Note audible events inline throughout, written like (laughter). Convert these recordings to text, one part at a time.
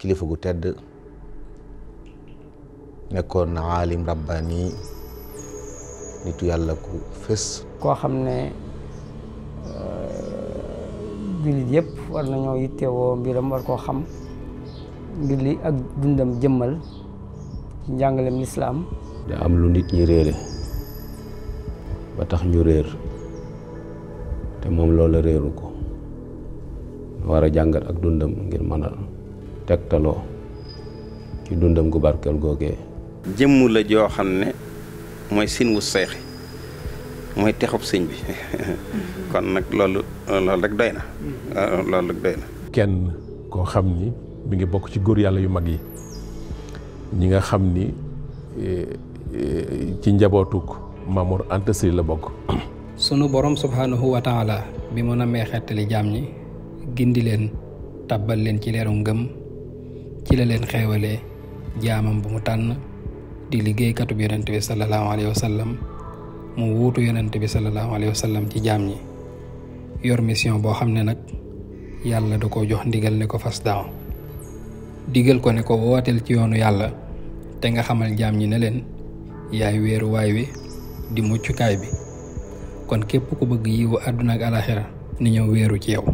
kilifa gu tedd nekkoon na alim rabbani nitu yàlla ku fés. koo xam ne eh, jullit yëpp war nañoo yittewoo mbiram war koo xam ngir li ak dundam jëmmal ci njàngaleem lislaam da am lu nit ñi réere ba tax ñu réer te moom loola réeru ko war a ak dundam ngir tegtaloo ci dundam gu barkeel googee jëmm la joo xam ne mooy sin wu seexi mooy texub sëñ bi (laughs) kon nag loolu loolu rek doy na ah, loolu rek doy na kenn koo xam ni mi ngi bokk ci góor yàlla yu mag yi ñi nga xam ni eh, eh, ci njabootuk Mamour Anta la bokk (coughs) sunu borom subhaanahu wa bi mu namee xettali jaam ñi gindi leen tàbbal leen ci leeru ngëm ci la leen xeewalee jaamam bu mu tànn di liggéeykatu bi yonent bi sallallahu alayhi wa sallam mu wuutu yonent bi sallallahu alayhi wa sallam ci jaam ñi yor mission boo xam ne nag yàlla da ko jox ndigal ne ko fas daaw digal ko ne ko wooteel ci yoonu yàlla te nga xamal jaam ñi ne leen yaay weeruwaay wi di muccukaay bi kon képp ku bëgg yiwu àdduna ak alaxira ni ñëw wéeru ci yow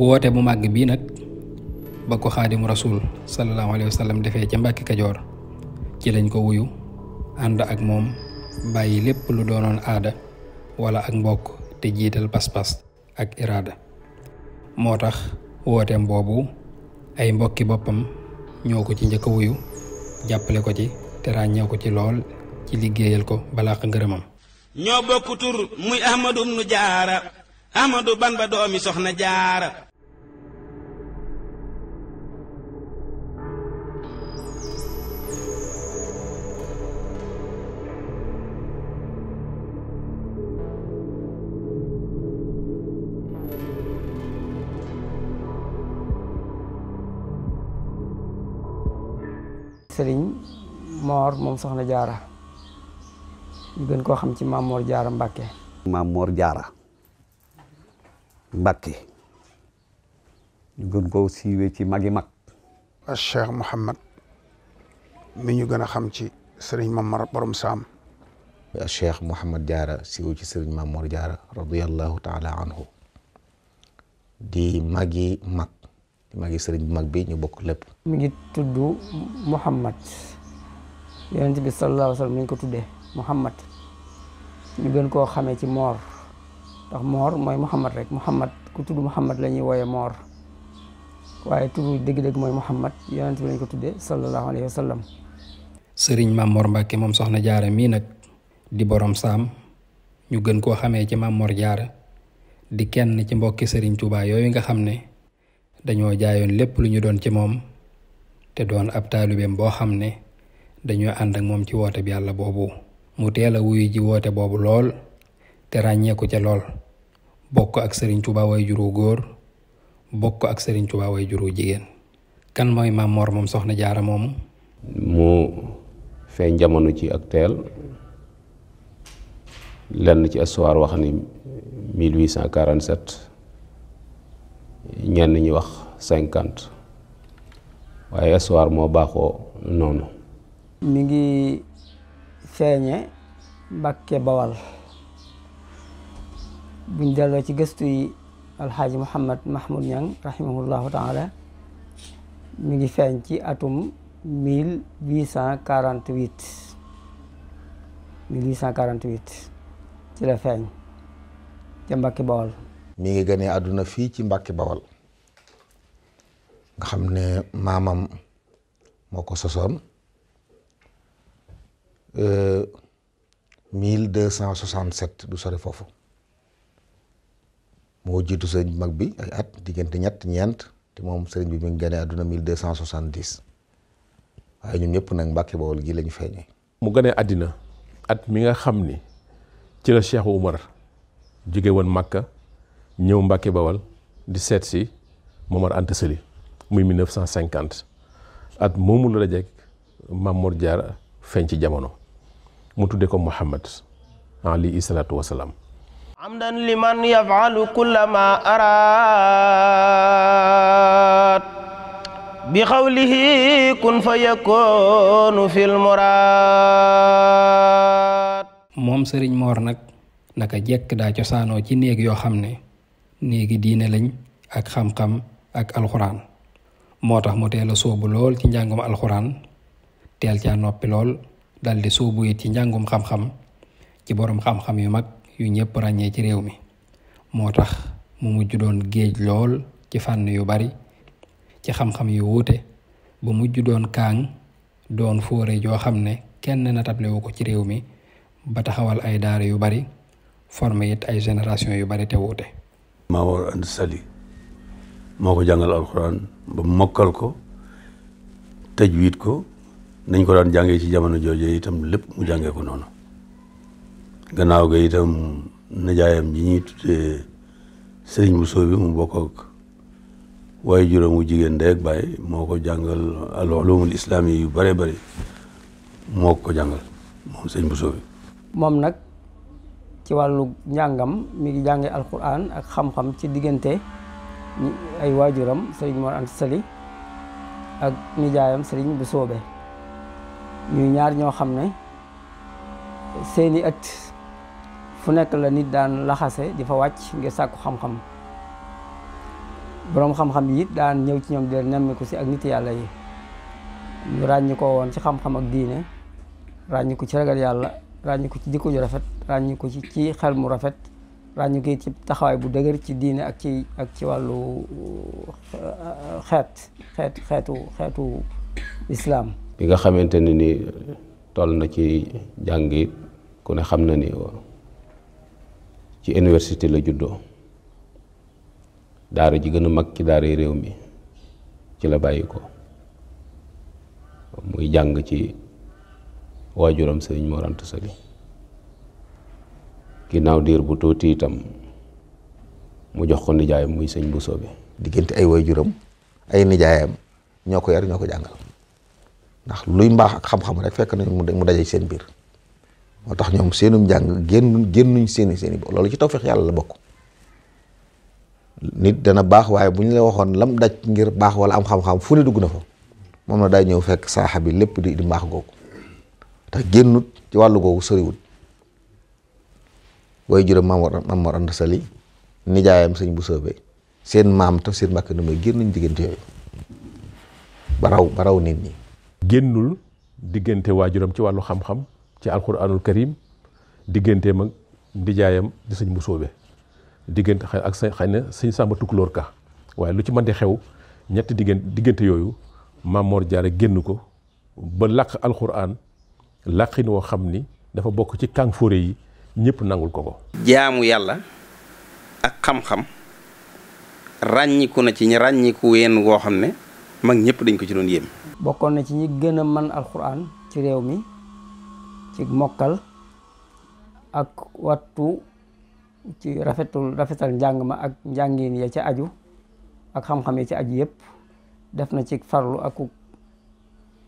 woote bu màgg bii nag ba ko xaadimu rasul sallallahu Alaihi Wasallam defé ci mbacké kadior anda ci lañ ko wuyu and ak mom bayyi lepp lu aada wala ak mbokk te jital pas-pas ak irada motax tax bobu ay mbokki bopam ñoko ci njëkk wuyu jappalé ko ci té ràññee ko ci lool ci liggéeyal ko balaa tur muy ahmadu ibn jaara ahmadu ban ba doomi soxna jaara sëriñ Moor moom soxna Jaara ñu gën koo xam ci maam Moor Jaara Mbàkke maam Moor Jaara Mbàkke ñu gën koo siiwee ci magi mag a Cheikh Mouhamad mi ñu gën a xam ci sëriñ Mamar borom saam a Cheikh Mouhamad Jaara siiw ci sëriñ ma Moor Jaara radiallahu taala anhu di magi mag di magi sëriñ bu mag bi ñu bokk lépp mi ngi tudd Muhammad yonent ya, bi sallallahu alaihi wasallam sallam ko Muhammad ñu gën ko xamé ci mor tax mor moy Muhammad rek Muhammad ku tudd Muhammad la woyé mor waye waaye tudd deug dëgg Muhammad yonent bi lañ ko tuddee sallallahu alaihi wasallam. serigne mam Mor Mbacke mom soxna jaara mi nak di borom sam. ñu gën ko xamé ci mam Mor Jaara di kenn ci mbokk serigne Touba yoy nga xamné dañoo jaayoon doon ci mom te doon ab taalibeem boo xam ne dañoo ànd ak moom ci woote bi yàlla boobu mu teel a wuyu ji woote boobu lool te ràññeeku ca lool bokk ak sëriñ Tuubaa way juru góor bokk ak sëriñ Tuubaa way juru jigéen kan mooy maam Mor moom soxna jaara moom mu feeñ jamono ci ak teel lenn ci histoire wax ni ñeen ñenn ñi wax 50 waye suar mo bako nono. mi ngi feeñe Bawal buñ delloo ci gestu yi haji mohammed Mahmoud nyang rahimahullahu taala mi ngi feeñ ci atum 1848 1848 ci la ci mbacke Bawal. mi ngi gënee aduna fi ci mbacke Bawal. nga xam ne maamam moo ko sosoon euh, mille deux cent soixante sept du sori foofu moo jiitu sëriñ bi mag bi ay at diggante ñett ñeent te moom sëriñ bi mi ngi gane àdduna mille deux cent soixante dix waaye ñun ñëpp nag Mbàkke Bawol gi lañu feeñee mu ganee àddina at mi nga xam ni ci la Cheikh Oumar jóge woon Makka ñëw Mbàkke Bawal di seet si Momar Anta Sali muy 1950 at momu la djek mamour diar Diarra ci jamono mu tuddé ko mohammed ali isalatu wasalaam amdan liman yafalu kullama araat bi qawlihi kun fa fil murad mom serigne Mor nak naka jekk da ciosano ci neeg yo xamne neegi diine lañ ak xam-xam ak alxuraan moo tax mu teela soobu lool ci njàngum alxuraan teel caa noppi lool daldi sóobu it ci njàngum xam-xam ci boroom xam-xam yu mag yu ñépp ràññee ci réew mi moo tax mu mujj doon géej lool ci fànn yu bari ci xam-xam yu wuute ba mujj doon kaang doon fóore joo xam ne kenn wu ko ci réew mi ba taxawal ay daara yu bari former yit ay génération yu bari te wuute. moo ko jàngal alxuraan ba mokkal ko tajwiid ko nañ ko daan jàngee ci jamono jooju itam lépp mu jàngee ko noonu gannaaw ga itam najaayam ji ñuy tuddee sëriñ bu soobi mu bokk waaye juróom wu jigéen ndey ak moo ko jàngal al ulumul yu bëree bëri moo ko jàngal moom moom nag ci wàllu njàngam mi ngi jànge alquran ak xam-xam ci diggante ay wajuram serigne mo ant Sali ak nijaayam serigne bu sobe ñuy ñaar ño xamne ne seeni at fu nek la nit daan laxase di fa wàcc ngir sàkku xam-xam borom xam-xam yi daan ñew ci ñoom di ko ci ak nit yàlla yi ñu rañ ko won ci xam-xam ak diine rañ ko ci ragal yàlla rañ ko ci jikko ju rafet rañ ko ci ci xel mu rafet ràññu ko ci taxawaay bu dëgër ci diine ak ci ak ci wàllu xeet xeetu xeetu islaam bi nga xamante ne ni toll na ci jàng it ku ne xam na ni ci université la juddoo daara ji gën mag ci daara yi réew mi ci la bàyyi ko muy jàng ci waajuram sëriñ Mor Anta Sali ginnaaw diir bu tuuti itam mu jox ko nijaayam muy sëñ bu soobe diggante ay waajuram ay nijaayam ñoo ko yar ñoo ko jàngal ndax luy mbaax ak xam-xam rek fekk nañ mu daje seen biir moo tax ñoom seenum njàng génn génnuñ seeni seeni bo loolu ci tawfeex yàlla la bokk nit dana baax waaye bu ñu la waxoon lam daj ngir baax wala am xam-xam fu ne dugg na fa moom na day ñëw fekk saaxa bi lépp di di mbaax googu tax génnut ci wàllu googu soriwut way juróom maam war maam war ànd sali nijaayam sëñ bu soobee seen maam taf seen mbàkk nu may génn nañ diggante yooyu baraw baraw nit ci wàllu xam-xam ci alquranul karim digganteem ak ndijaayam di sëñ bu soobee diggante xëy ak xëy na sëñ Samba Tukulóor ka waaye lu ci mën di xew ñetti diggante diggante yooyu Maam Mor génn ko ba làq alquran làqin woo xam ni dafa bokk ci kàng fóore yi ñepp nangul ko ko jaamu yalla ak xam-xam ragniku na ci ñi ragniku wen go xamne ne mag ñepp dañ ko ci doon yem bokkon na ci ñi gëna man alquran ci rew mi ci mokkal ak wattu ci rafetul rafetal njàng ma ak njàngin ya ci aju ak xam-xam ya ci aju yépp def na ci farlu ak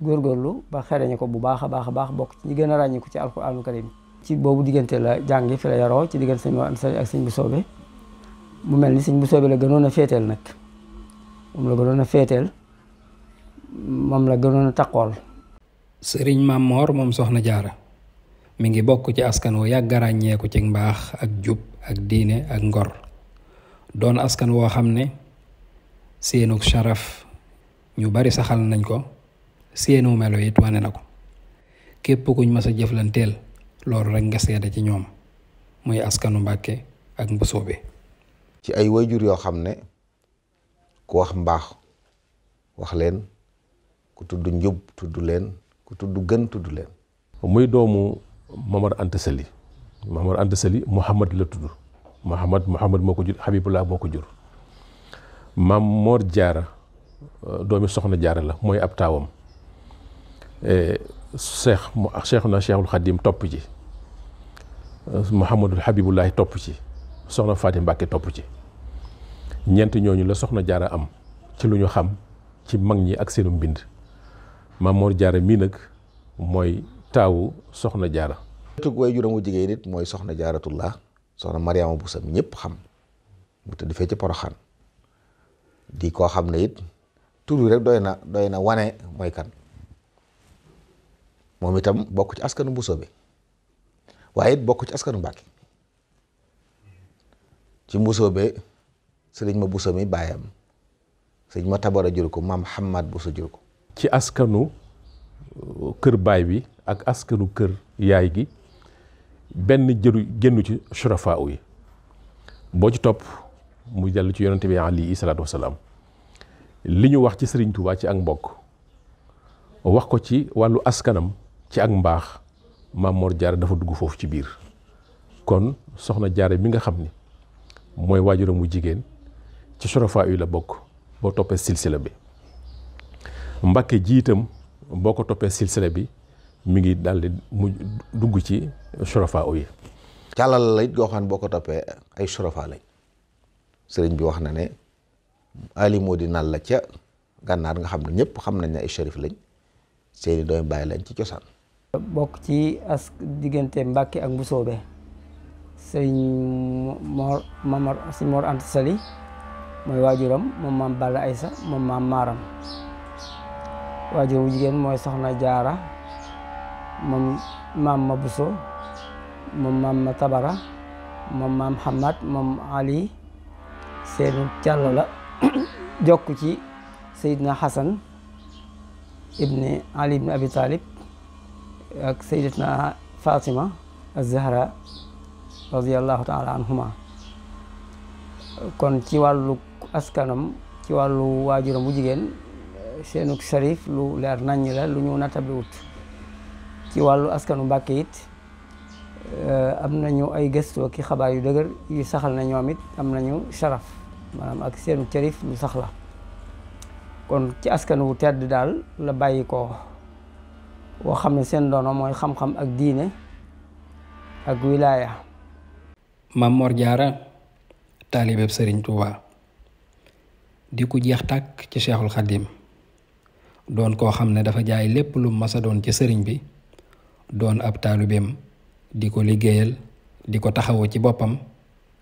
góorgóorlu ba xereñ ko bu baax a baax bok ci ñi gën a ci alquran karim ci boobu diggante la jàngi fi la yaroo ci diggante sëñ am ak sëñ bu soobe mu mel ni sëñ bu soobe la gënoon a féeteel nag moom la gënoon a féeteel moom la gënoon a taqool sëriñ Mamor moom soxna jaara mu ngi bokk ci askan woo yàgg ràññeeku ci mbaax ak jub ak diine ak ngor doon askan woo xam ne seenug sharaf ñu bari saxal nañ ko seenu melo yit wane na ko képp kuñ mës a jëflanteel loolu rek nga seede ci ñoom muy askanu Mbàkke ak Mbusoobe ci ay wayjur yoo xam ne ku wax mbaax wax leen ku tudd njub tudd leen ku tudd gën tudd leen muy doomu Mamar ante Sali Mamar ante Sali Muhammad la tudd Muhammad Muhammad moo ko jur Habibullah moo ko jur mam Moor Jaara euh, doomi soxna Jaara la mooy ab taawam Cheikh Cheikhuna Cheikhul Khadim topp ji Mouhamadul Habibullahi topp ci soxna Faati Mbàkke topp ci ñeent ñooñu la soxna jaara am ci lu ñu xam ci mag ñi ak seenu mbind maam Mor jaara mii nag mooy taawu soxna jaara tug way juróom mooy soxna jaaratullah soxna Mariama Busa mi ñëpp xam mu tëdd fee ci Poroxaan di koo xam ne it tur rek doy na doy na wane mooy kan moom itam bokk ci askanu Buso bi waye bokku ci askanu Mbàkke ci mbusoo be serigne ma buso mi bayam serigne ma tabara jur ko Hamad buso jur ko ci askanu uh, keur bay bi ak askanu keur yaay gi ben jeru gennu ci surafaa yi bo ci top mu jall ci yonente bi ali sallallahu alaihi li liñu wax ci serigne touba ci ak mbokk wax ko ci walu askanam ci ak mbaax maam Mor dafa dugg foofu ci biir kon soxna Jaara bi nga xam ni mooy waajuram mu jigéen ci sorofa yu la bokk boo toppee silsila bi Mbàkke ji boo ko toppee silsila bi mi ngi daal mu dugg ci sorofa yi càllal la it goo xam boo ko toppee ay sorofa lañ sëriñ bi wax na ne ali moo di nal la ca gànnaar nga xam ne ñëpp xam nañ ne ay shérif lañ seeni doomi bàyyi lañ ci cosaan bok ci as diggante Mbàkke ak Mbusoobe sëñ Mor Mamar sëñ Mor ant Sali moy wajuram mom mam Balla aïssa mom mam maram waajur wu moy Soxna Jaara mom mam ma Buso ma Tabara Hamad Ali seenu càll la (coughs) jokku ci sayyidna Hasan ibni Ali ibni Abi Talib ak sayyidatna Fatima az-Zahra radiyallahu taala anhuma kon ci wàllu askanam ci wàllu waajuram bu jigéen seenuk sharif lu leer naññ la lu ñu nattable wut ci wàllu askanu Mbàkke it eh, am nañu ay gëstu ki xabaar yu dëgër yu saxal na ñoom it am nañu sharaf maanaam ak seenu sharif lu sax la kon ci askanu wu tedd daal la bàyyi ko woo xam ne seen doono mooy xam-xam ak diine ak wilaaya Maam Mor Jaara taalibeeb Sëriñ Tuuba di ku jeex tàkk ci Seexul Xadim doon koo xam ne dafa jaay lépp lu masa doon ci sëriñ bi doon ab taalibeem di ko liggéeyal di ko taxawu ci boppam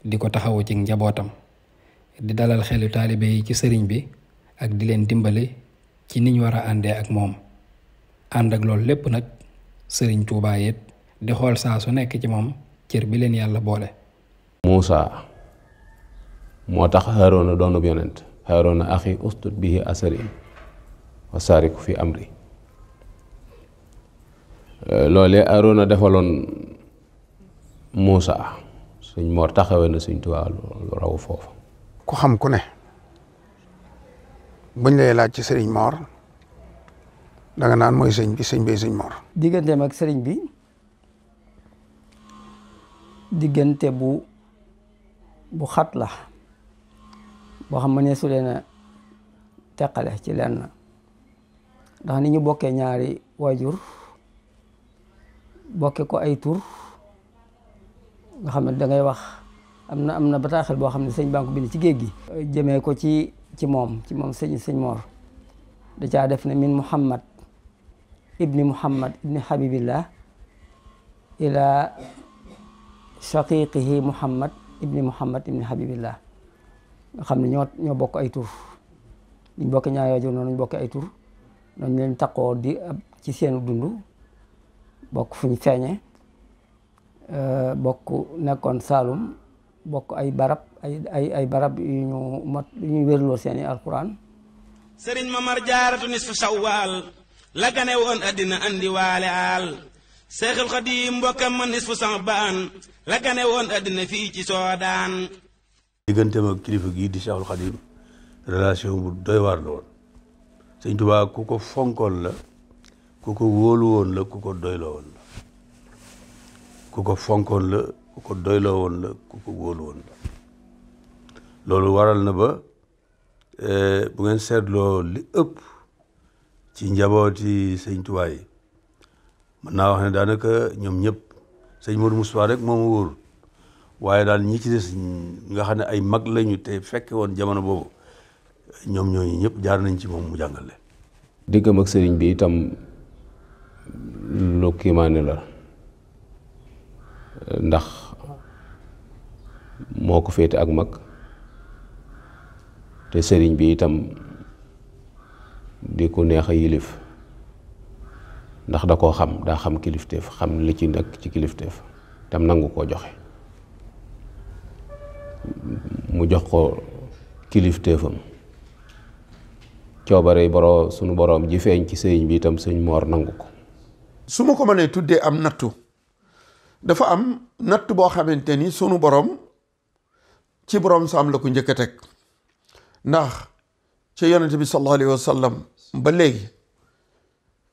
di ko taxawu ci njabootam di dalal xelu taalibe yi ci sëriñ bi ak di leen dimbali ci niñ war a àndee ak moom ànd ak loolu lépp nag sëriñ Tuubaa yit di xool saa su nekk ci moom cër bi leen yàlla boole Muusaa moo tax Haaroona doonub yonent Haaroona axi ustut bihi asari wa saariku fi amri euh, loolee Haaroona defaloon Muusaa suñ moor taxawee na suñ Tuubaa lu raw foofu ku xam ku ne buñ lay laaj ci sëriñ moor da nga naan mooy sëñ bi sëñ bi sëñ Mor. digganteem ak sëriñ bi diggante bu bu xat la bo xam ne su leena a ci lenn ndax ni ñu bokké ñaari wajur bokké ko ay tour nga xam da ngay wax amna na ba taxal bo boo sëñ bind ci geeg gi. jëmee ko ci ci mom ci mom sëñ sëñ Mor da ca def ne min Muhammad ibni Muhammad ibni Habibillah ila shaqiqihi Muhammad ibni Muhammad ibni Habibillah nga xam ne ñoo ñoo bokk ay tour ñu bokk ñaari waajur ñu bokk ay tour leen takko di ci seenu dundu bokk fuñu feñe euh bokk nekkon salum bokk ay barab ay ay ay barab yu ñu mot ñu wërlo seeni alquran serigne Mamar Jaaratu nisfu la gane woon àddina andi waale aal seexul xadiim mbokkam ma nis fu sama baan la gane woon addina fii ci soodaan digganteem ak kilifa gii di seexul xadiim relation bu doy waar la woon sëñ Tuubaa ku ko fonkoon la ku ko wóolu woon la ku ko doyloo woon la ku ko fonkoon la ku ko doyloo woon la ku ko wóolu woon la loolu waral na ba eh, bu ngeen seetloo li ëpp ci njabooti sëñ Tuubaa yi mën naa wax ne daanaka ñoom ñëpp sëñ Modou Moustapha rek moom wóor waaye daal ñi ci des nga xam ne ay mag lañu te fekke woon jamono boobu ñoom ñooñu ñëpp jaar nañ ci moom mu jàngale. diggam ak sëriñ bi itam lu kiimaane la ndax moo ko féete ak mag te sëriñ bi itam. di ku neex a yilif ndax da koo xam daa xam kilifteef xam li ci nekk ci kilifteef tam nangu koo joxe mu jox ko kilifteefam coobare boro sunu boroom ji feeñ ci sëñ bi itam sëñ moor nangu ko su ma ko mënee tuddee am nattu dafa am natt boo xamante ni sunu boroom ci boroom saam la ko njëkk a teg ndax ci yonente bi sallallahu alayhi ba léegi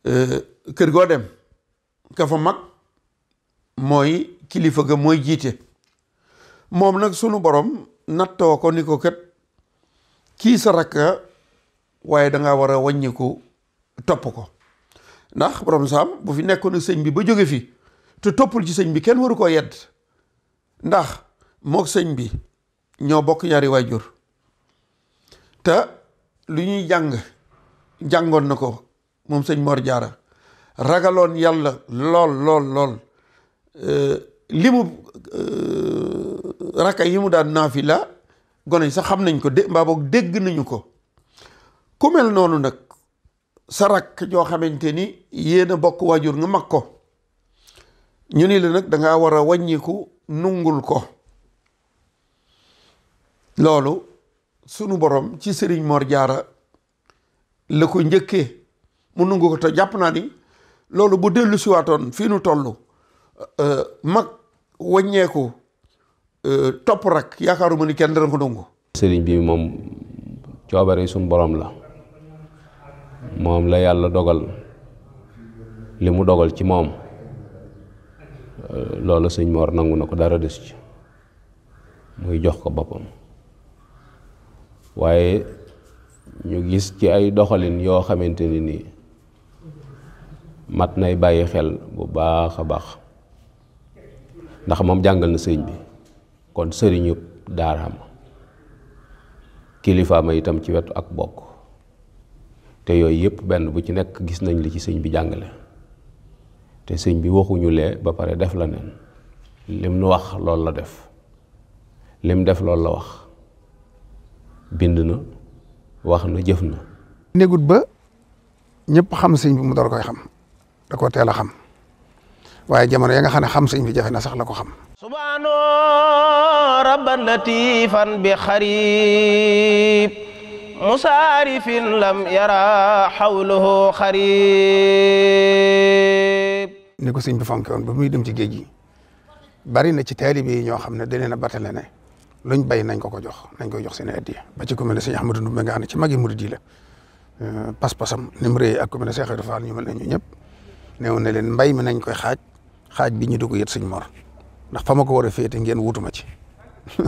euh, kër goo dem ka fa mag mooy kilifa ga mooy jiite moom nag sunu borom nattoo ko ni ko kat kii sa rakka waaye danga war a wàññiku topp ko ndax borom saam bu fi nekkoon ak sëñ bi ba jóge fi te toppul ci sëñ bi kenn waru koo yedd ndax mook sëñ bi ñoo bokk ñaari waajur te lu ñuy jàng jàngoon na ko moom sëñ Mor Jaara ragaloon yàlla lool lool lool eh, li mu eh, raka yi mu daan la gone yi sax xam nañ ko dé mbaa boog dégg nañu ko ku mel noonu nag sa rak joo xamante ni yéen a bokk waajur nga mag ko ñu ni la nag danga war a wàññiku nungul ko loolu sunu borom ci sëriñ Mor Jaara la ko njëkkee mu nungu ko te jàpp naa ni loolu bu dellu siwaatoon fii nu tollu euh, mag waññeeku euh, topp rek yaakaaruma ni kenn dana ko nangu sëriñ bi moom coobare suñ borom la moom la yàlla dogal li mu dogal ci moom euh, loolu sëñ Mor nangu na ko dara des ci muy jox ko boppam waaye ñu gis ci ay doxalin yoo xamante ni nii mat nay bàyyi xel bu baax a baax ndax moom jàngal na sëriñ bi kon sëriñu daaraam kilifaama itam ci wetu ak bokk te yooyu yëpp benn bu ci nekk gis nañ li ci sëñ bi jàngale te sëñ bi waxuñu lee ba pare def la neen lim nu wax loolu la def lim def loolu la wax bind na wax na jëf na. négut ba ñëpp xam sëñ bi mu door koy xam da koo teel a xam waaye jamono ya nga xam ne xam sëñ bi jafe sax la ko xam. subhaano rabban latifan bi xarib musaarifin lam yara xawluhu xarib. ni ko sëñ bi fonke woon ba muy dem ci géej gi bari na ci taalibe yi ñoo xam ne danañ a luñ bay nañ ko ko jox nañ koy jox seen i addiya ba ci commune Sëñ Ahmadou Ndoumbé nga xam ne ci magi murid yi la euh, pas-pasam ni mu rëy ak commune Cheikh Ibra Fall ñu mel ne ñu ñëpp néew na leen mbay mi nañ koy xaaj xaaj bi ñu dugg yët Sëñ Mor ndax fa ma ko war a féete ngeen wutuma ci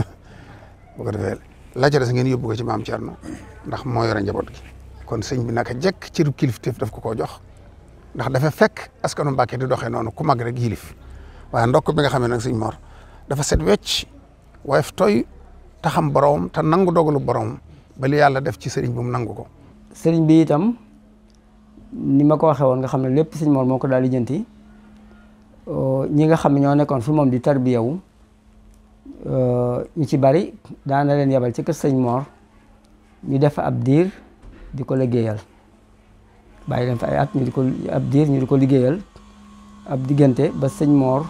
(laughs) bu ko defee la ca des ngeen yóbbu ko ci maam Thierno ndax moo njaboot gi kon sëñ bi naka jekk ci kilifteef daf ko koo jox ndax dafa fekk askanu Mbàkke di doxee noonu ku mag rek yilif waaye ndok bi nga xam nag Sëñ Mor dafa set wecc waye toy te xam boromam te nangu dogalu borom ba li yalla def ci serigne bi nangu ko. serigne bi itam ni mako waxe won nga xamne lepp serigne sëñ Mor di euh, ñi nga xam ñoo nekkon fu mom di euh ñi ci bari na len yabal ci ke serigne Mor ñu def ab di ko liggéeyal bàyyi fa ay at ñu di ko ab diir ñu di liggeyal ab diggante ba serigne Mor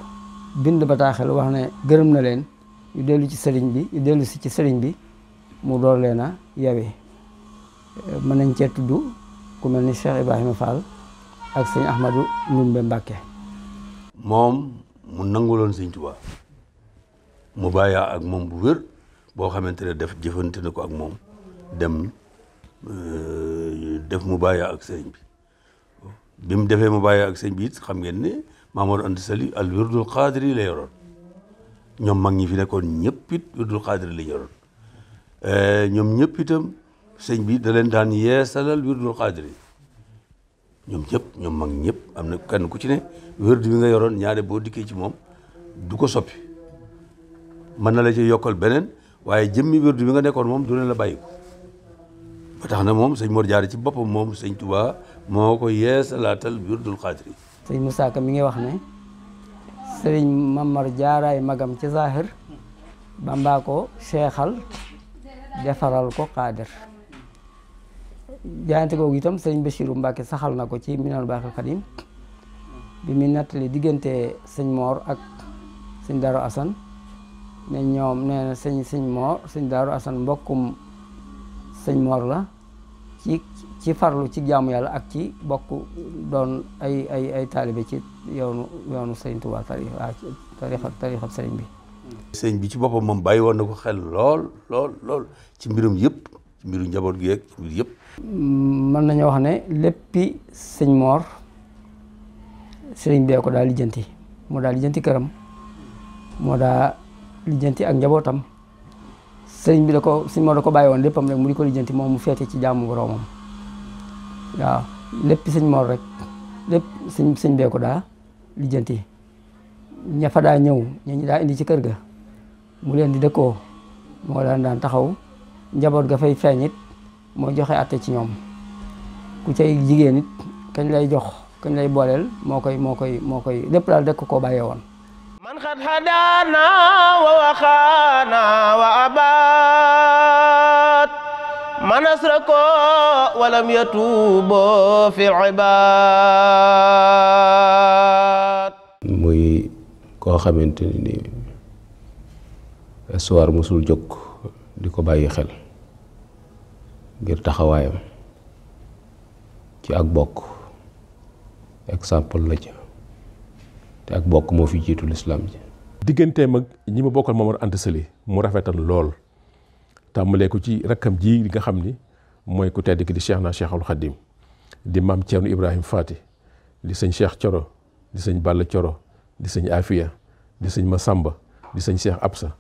bind bataaxel wax ne na len yu dellu ci sëriñ bi yu dellu si ci sëriñ bi mu door leen a yawe eh, mën nañ cee tudd ku mel ni Cheikh Ibrahima Fall ak sëñ Ahmadou Ndumbe Mbàkke moom mu nanguloon sëñ Tuubaa mu bàyyaa ak moom bu wér boo xamante ne def jëfante na ko ak moom dem eh, def mu bàyyaa ak sëriñ bi bi mu defee mu bàyyaa ak sëriñ bi it xam ngeen ne Mamadou Anta Sali al wirdul xaadir yi la ñoom mag ñi fi nekkoon ñëpp it dul xaadir la ñu yoroon eh, ñoom ñëpp itam sëñ bi da leen daan yeesalal wirdul xaadir yi ñoom ñëpp ñoom mag ñëpp am na kenn ku ci ne wérdu bi nga yoroon ñaare boo dikkee ci moom du ko soppi mën na la ci yokkal beneen waaye jëmmi wérdu bi nga nekkoon moom du ne la bàyyi ko tax na moom sëñ Mor Jaara ci boppam moom sëñ Tuubaa moo ko yeesalaatal wirdul xaadir yi sëñ Musaa Ka mi ngi wax ne sëriñ Mamar jaaraay magam ci zahir bamba ko seexal defaral ko xaadir jaayante googu itam sëriñ Bachiru Mbàkke saxal na ko ci minal baaxil xadim bi mu nettali diggante sëñ Moor ak sëñ Daaru Asan ne ñoom nee na sëñ Moor sëñ Daaru Asan mbokkum sëñ Moor la ci ci farlu ci jamu yalla ak ci bokk don ay ay ay talibé ci yoonu yoonu serigne touba ah, tarixa tarixa tarixa serigne bi serigne bi ci bopam mom bayi won nako xel lol lol lol ci mbirum yëpp ci mbirum njaboot gi ak mbir yëpp man nañu wax né leppi serigne mor serigne bi ko daa lijjanti jenti daa lijjanti këram moo daa lijjanti ak njabootam sëriñ bi da ko sëñ Moor da ko bàyyi woon leppam rek mu di ko jenti mom mu fété ci jamu boromam waaw lépp sëñ Mor rek lépp sëñ sëñ bee ko daa lijjanti ña fa daa ñëw ñooñu daa indi ci kër ga mu leen di dëkkoo moo daan daan taxaw njaboot ga fay feeñ moo joxe atte ci ñoom ku cay jigéen it kañ lay jox kañ lay booleel moo koy moo koy moo koy lépp daal dëkk koo bàyyee woon man xat xadaana wa waxaana wa abaa man asraka wa lam yatuub fi ibaad muy koo xamante ni histoire mosul jóg di ko bàyyi xel ngir taxawaayam ci ak bokk exemple la ci te ak bokk moo fi jiitu lislaam ji digganteem ak ñi ma bokkal Momar Anta Sali mu rafetal lool tàmbalee ko ci rakkam ji nga xam ni mooy ku tedd ki di Cheikh naa Cheikhul Khadim di maam Thierno Ibrahim Fati di sëñ Cheikh Coro di sëñ Balla Coro di sëñ Afia di sëñ Masamba di sëñ Cheikh Absa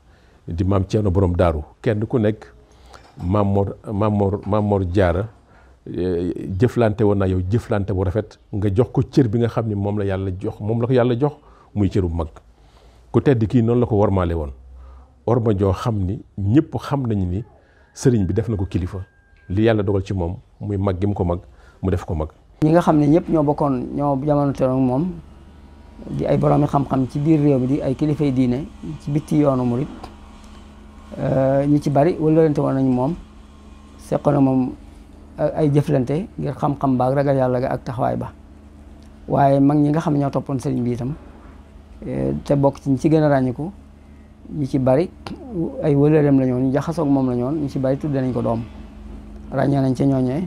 di maam Thierno borom daaru kenn ku nekk maam Mor maam Mor maam Mor Jaara eh, jëflante woon naa yow jëflante bu rafet nga jox ko cër bi nga xam ne moom la yàlla jox moom la ko yàlla jox muy cëru mag ku tedd kii noonu la ko warmaale woon orma joo xam ni ñëpp xam nañu ni sëriñ bi def na ko kilifa li yàlla dogal ci moom muy mag gi mu ko mag mu def ko mag. ñi nga xam ne ñëpp ñoo bokkoon ñoo jamono teeloon moom di ay boroomi xam-xam ci biir réew mi di ay kilifay diine ci bitti yoonu murit euh, ñi ci bari wëlbalante woon nañu moom seqoon na moom ay jëflante ngir xam-xam ba ak ragal yàlla ga ak taxawaay ba waaye mag ñi nga xam ne ñoo toppoon sëriñ bi itam euh, te bokk ci ñi ci gën a ràññiku ñi ci bari ay wëlëreem la ñoon ñu jaxasoog moom la ñoon ñi ci bari tudde nañ ko doom ràññee nañ ca ñooñee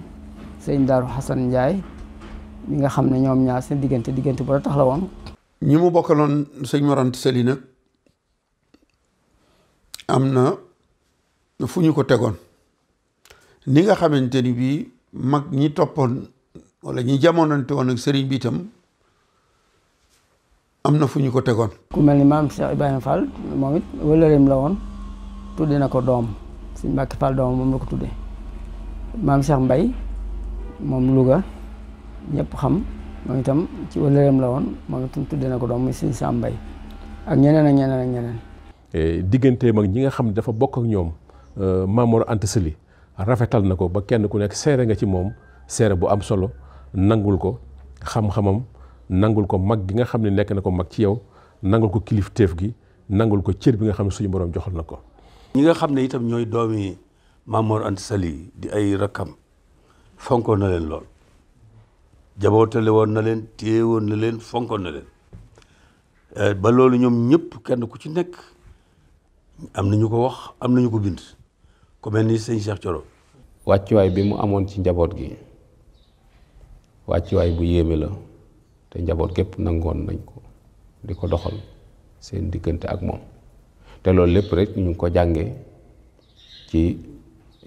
sëñ Daaru Xasan Njaay mi nga xam ne ñoom ñaar seen diggante diggante bu tax la woon ñi mu bokkaloon sëñ Morant Sali nag am na fu ñu ko tegoon ni nga xamante ni bii mag ñi toppoon wala ñi jamonante woon ak sëriñ bii tam am na fu ñu ko tegoon. ku mel ni maam Cheikh Ibrahima Fall moom it wëllëreem la woon tudde na ko doom suñ Mbàkke Fall doom moom ko tuddee maam Cheikh Mbay moom Louga ñëpp xam moom itam ci wëllëreem la woon moom itam tudde na ko doom muy suñ Sam Mbay ak ñeneen ak ñeneen ak ñeneen. E, digganteem ak ñi nga xam ne dafa bokk ak ñoom e, Mamour Anta Sali rafetal na ko ba kenn ku nekk seere nga ci moom seere bu am solo nangul ko xam-xamam. nangul ko mag gi nga xam ne nekk na ko mag ci yow nangul ko kilifteef gi nangul ko cër bi nga xam ne suñu borom joxal na ko. ñi nga xam ne itam ñooy doomi Mamor Anta Sali di ay rakkam fonkoon na leen lool jabootale woon na leen téye woon na leen fonkoon na leen eh, ba loolu ñoom ñëpp kenn ku ci nekk am nañu ko wax am nañu ko bind ku mel ni sëñ Cheikh Thioro. wàccuwaay bi mu amoon ci njaboot gi wàccuwaay bu yéeme la. te njaboot gépp nangoon nañ ko di ko doxal seen diggante ak moom te loolu lépp rek ñu ngi ko jànge ci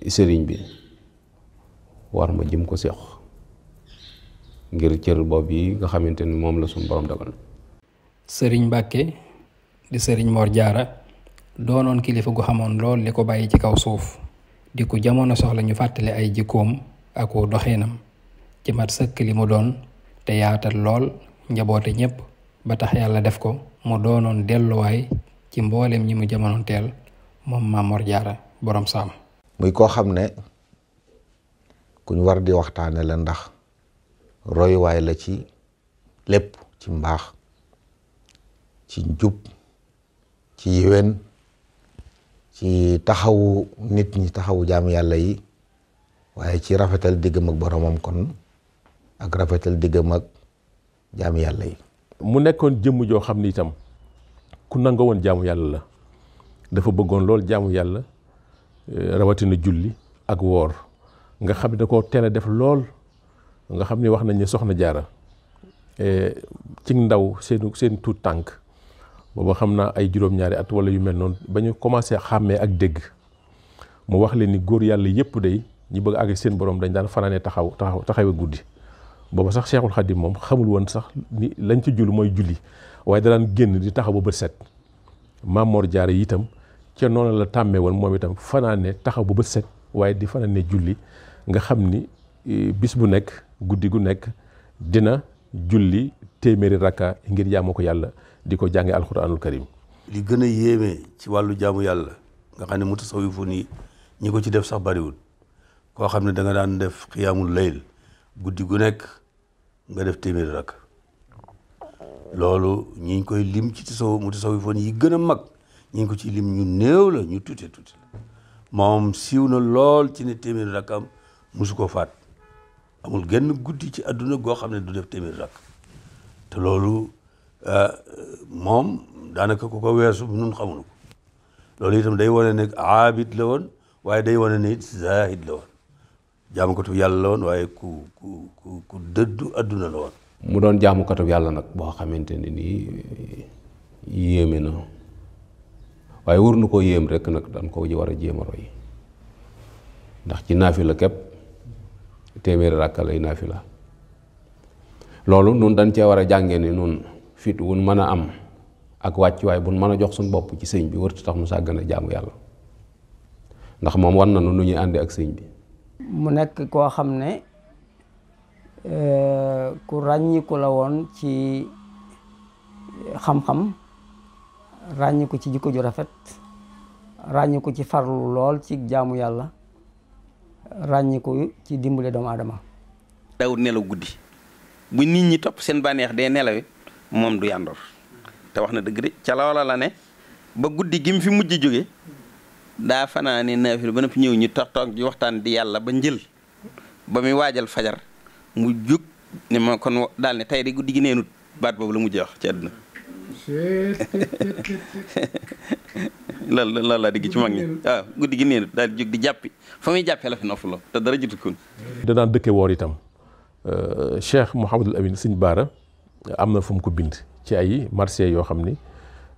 sëriñ bi war ma jëm ko seex ngir cër bopp yi nga xamante ni moom la suñu borom dogal sëriñ Mbàkke di sëriñ moor Jaara doonoon kilifa gu xamoon lool li ko bàyyi ci kaw suuf di ko jamono soxla ñu fàttale ay jikkoom ako doxinam ci mat sëkk li mu doon te yaatal lool njaboote ñépp ba tax yàlla def ko mu doonoon delluwaay ci mboolem ñi mu jamonoon teel moom Maam Mor Jaara boroom saam muy koo xam ne ku ñu war di waxtaane la ndax royuwaay la ci lépp ci mbaax ci njub ci yiwen ci taxawu nit ñi taxawu jaamu yàlla yi waaye ci rafetal diggam ak boromam kon ak rafetal diggam ak jaamu yàlla yi. mu nekkoon jëmm joo xam ni itam ku nangoo woon jaamu yàlla la dafa bëggoon lool jaamu yàlla eh, rawatina julli ak woor nga xam ne da koo teel a def lool nga xam ni wax nañ ne soxna jaara eh, ci ndaw seen seen tuut tànk booba xam naa ay juróom-ñaari at wala yu mel noonu ba ñu commencé xàmmee ak dégg mu wax leen ni góor yàlla yépp day ñu bëgg àgg seen borom dañ daan fanaane taxaw taxaw taxawee guddi. booba sax Cheikhul Khadim moom xamul woon sax lañ ci jul mooy julli waaye da daan génn di taxaw ba bët set Maam Mor Jaara itam ca noonu la tàmmee woon moom itam fanaane taxaw ba bët set waaye di fanaane julli nga xam ni e, bis bu nekk guddi gu nekk dina julli téeméeri rakka ngir jaamoo ko yàlla di ko jànge alxuraanul karim li gën a yéeme ci wàllu jaamu yàlla nga xam ne mutasawifu nii ñi ko ci def sax bariwul koo xam ne da daan def xiyaamul layl guddi gu nekk nga def téeméeri rakk loolu ñi ngi koy lim ci tasaw mu tasaw foon yi gën a mag ñi ngi ko ci lim ñu néew la ñu tuute tuute moom siiw na lool ci ne téeméeri rakk am musu ko faat amul genn guddi ci àdduna goo xam ne du def téeméeri rakk te loolu euh, moom daanaka ku ko weesu nun xamuñu ko loolu itam day wane nekk aabid la woon waaye day wane ne zahid la woon jaamukatu yàlla la waaye ku ku ku dëddu àdduna la woon. mu doon jaamukatu yàlla nag boo xamante ne nii yéeme na waaye wër na koo yéem rek nag dañ ko war a jéem a roy ndax ci la képp téeméeri rakka lay la loolu nun dañ cee war a jàngee ni nun fit wun mën a am ak wàccuwaay bun mën a jox suñu bopp ci sëñ bi wërtu tax nu sàggane jaamu yàlla ndax moom war na nu ñuy àndi ak sëñ bi mu nekk koo xam ne euh, ku ràññiku la woon ci xam-xam ràññiku ci jikko ju rafet ràññiku ci farlu lool ci jaamu yàlla ràññiku ci dimbale doomu aadama daawut nelaw guddi bu nit ñi topp seen bànneex dee nelawit moom du yàndoor te wax na dëgg de ca loola la ne ba guddi gi fi mujj jóge daa fanaane naafil ba noppi ñëw ñu toog toog di waxtaan di yàlla ba njël ba muy waajal fajar mu jug ne ma kon daal ne tey de guddi gi neenut baat boobu la mujjee wax ci àdduna (laughs) loolu loolu laa digg ci mag ñi waaw guddi gi neenut daal di jug di jàppi fa muy jàppee la fi noppaloo te dara jutu kon danaan dëkke woor itam euh, Cheikh Mouhamadul Amin Sëñ Baara am na fu mu ko bind ci ay marché yoo xam ni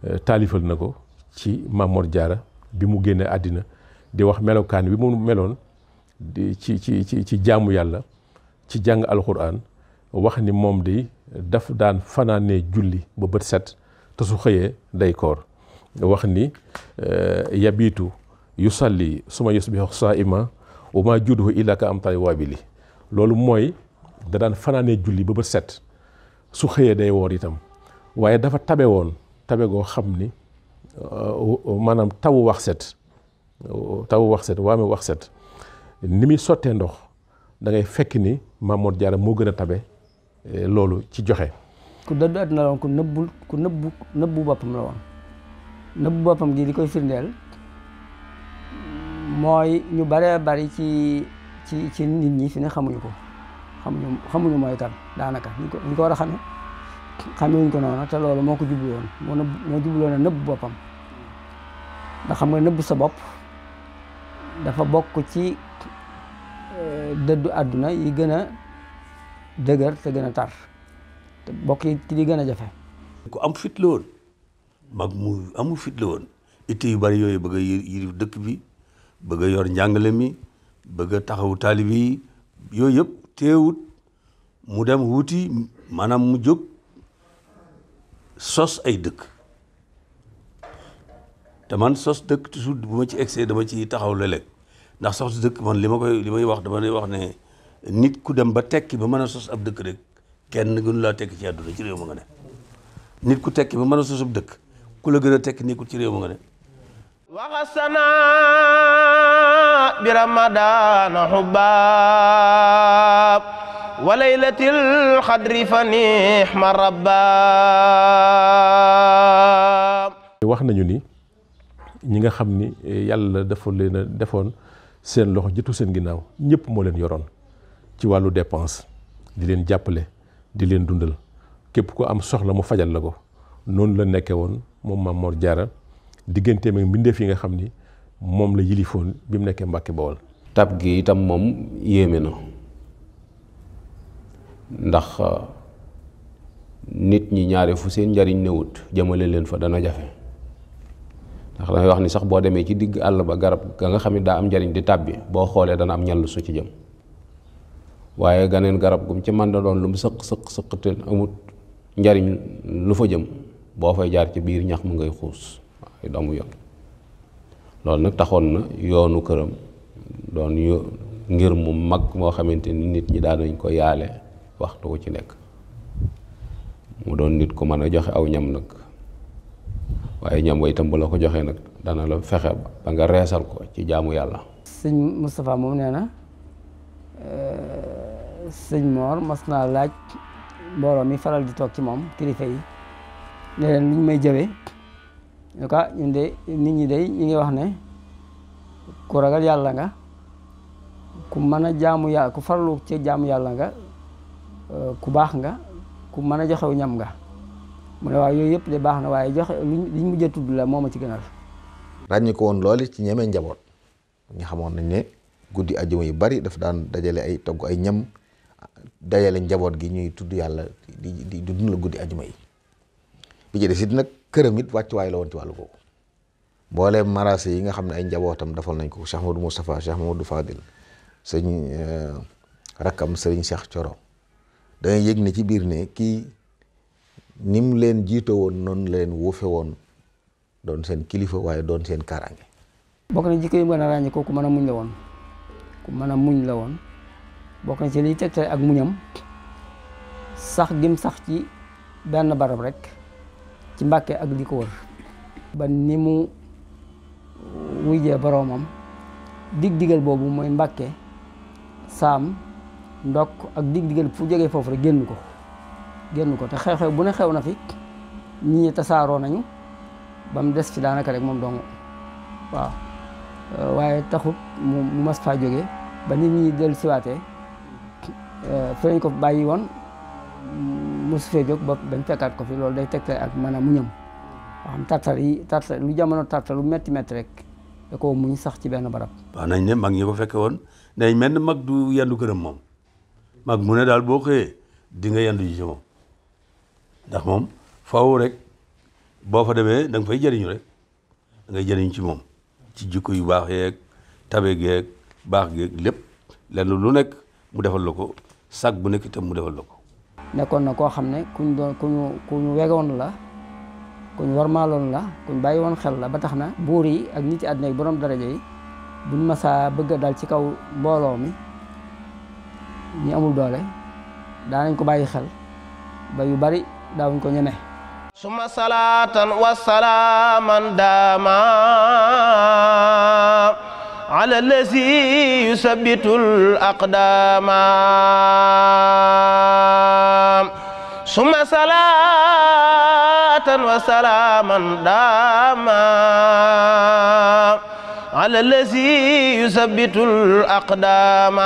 euh, taalifal na ko ci Mamor Jaara bi mu génnee àddina di wax melokaan bi mu meloon di ci ci ci ci jaamu yàlla ci jàng alxuraan wax ni moom di daf daan fanaanee julli ba bët set te su xëyee day koor wax ni eh, yabiitu yu salli suma ma saa'ima wa maa juuduhu illaa ka amtaari waabili loolu mooy da daan fanaanee julli ba bët set su xëyee day woor itam waaye dafa tabe woon tabe goo xam ni Euh, maanaam tawu wax set euh, tawu wax set waame wax set ni muy sottee ndox dangay fekk ni mamoot Diarra moo gën a tabe euh, loolu ci joxe. ku dëddu àdduna la ku nëbbul ku nëbbu nëbbu boppam la woon nëbbu boppam gi di koy firndeel mooy ñu baree bari ci ci ci nit ñi fi ne xamuñu ko xamuñu xamuñu mooy kan daanaka ñu ko ñu ko war a xamee. xamewuñ ko noonu te loolu moo ko jubluwoon moo nëbb moo jubluwoon a nëbb boppam ndax xam nga nëbb sa bopp dafa bokk ci eh, dëddu àdduna yi gën a dëgër te gën a tar te bokk yi ci di gën a jafe ku am fit la woon mag mu amu fit la woon itte yu bari yooyu bëgg a dëkk bi bëgg a yor njàngale mi bëgg a taxawu taalibe yi yooyu yëpp teewut mu dem wuti maanaam mu jóg sos ay dëkk te man sos dëkk toujours bu ma ci egsee dama ci taxaw léeg-léeg ndax sos dëkk man li ma koy li may wax dama lay wax ne nit ku dem ba tekki ba mën a sos ab dëkk rek kenn gënu laa tekki ci àdduna ci réew ma nga ne nit ku tekki ba mën a sos ab dëkk ku la gën a tekki nekkul ci réew ma nga ne waxasana bi ramadaan xubaab wa laylatil xadri fa nixma rabba wax nañu ni ñi nga xam ni yàlla dafa leen defoon seen loxo jëtu seen ginnaaw ñëpp moo leen yoroon ci wàllu dépense di leen jàppale di leen dundal képp ko am soxla mu fajal la ko noonu la nekkee woon moom Maam Mor Jaara digganteem ak mbindeef yi nga xam ni moom la yilifoon bi mu nekkee Mbàkke Bawol tab gi itam moom yéeme na ndax euh, nit ñi ñaare fu seen njariñ newut jëmale leen fa dana jafe ndax damay wax ni sax boo demee ci digg àll ba garab ga nga xam ne daa am njariñ di tàbbi boo xoolee dana am ñàll su ci jëm waaye ganeen garab gum ci man da doon lu mu sëq sëq sëq te amut njariñ lu fa jëm boo fay jaar ci biir ñax mu ngay xuus waaye doomu yoon loolu nag taxoon na yoonu këram doon ngir mu mag moo xamante ni nit ñi daanañ ko yaale waxtu wu ci nekk mu doon nit ku mën a joxe aw ñam nag waaye ñam wa itam bu la ko joxee nag dana la fexe ba nga reesal ko ci jaamu yàlla. sëñ Moustapha moom nee na euh, sëñ Mor mas naa laaj mbooloo mi faral di toog ci moom kilifa yi ne leen lu ñu may jëwee en tout cas ñun de nit ñi day ñu ngi wax ne ku ragal yàlla nga ku mën a jaamu yàlla ku farlu ci jaamu yàlla nga. ku baax nga ku mën a joxew ñam nga mu ne waaw yooyu yëpp de baax na waaye joxe liñ mujj a tudd la mooma ci gënal ràññi ko woon loolu ci ñemee njaboot ñu xamoon nañ ne guddi ajuma yu bari daf daan dajale ay togg ay ñam dajale njaboot gi ñuy tudd yàlla di di dund la guddi ajuma yi bi ci des it nag këram it wàccuwaay la woon ci wàllu googu mbooleem maraas yi nga xam ne ay njabootam defal nañ ko Cheikh Mamadou Moustapha Cheikh Mamadou Fadil sëñ eh, rakkam sëriñ Cheikh Coro ngay yegg ne ci biir ne kii nim leen jiite woon noonu leen wufe woon doon seen kilifa waaye doon seen karange bokk na jikko yi mën a ràññee ko ku mën a muñ la woon ku mën a muñ la woon bokk na ci liy tegtale ak muñam sax gim sax ci benn barab rek ci mbàkke ak li ko wër ba ni mu dig digal boobu mooy mbàkke saam ndok ak dig-digal fu jógee foofu rek génn ko génn ko te xew-xew bu ne xew na fi nit ñi tasaaroo nañu ba des ci daanaka rek moom dong waaw euh, waaye taxut mu mas faa jógee ba nit ñi dellu siwaatee euh, fi lañ ko bàyyi woon mosu fee jóg ba bañ fekkaat ko fi loolu day tegtale ak maanaam muñam waa xam tartar yi tartar lu jamono tartar lu metti metti rek da ko muñ sax ci benn barab. waaw nañ ne mag ñi ko fekkee woon nañ menn mag du yendu këram moom. mag mu ne daal boo xëyee di yendu ji ci moom ndax moom faw rek boo fa demee da nga fay jëriñu rek da ngay jëriñ ci moom ci jikko yu baax yeeg tabe geeg baax geeg lépp lenn lu nekk mu defal la ko sag bu nekk itam mu defal la ko nekkoon na koo xam ne kuñ doon kuñu kuñu wegoon la kuñ warmaaloon la kuñ bàyyi woon xel la ba tax na buur yi ak nit ci àdduna yi borom daraja yi buñ masaa bëgg daal ci kaw mbooloo mi ñi amul doole da nañ ko bayyi xel ba yu bari daawuñ ko ñeme summa salatan wa salaman dama ala allazi yusabbitu al aqdama summa salatan wa salaman dama ala lazi yusabbitul aqdaam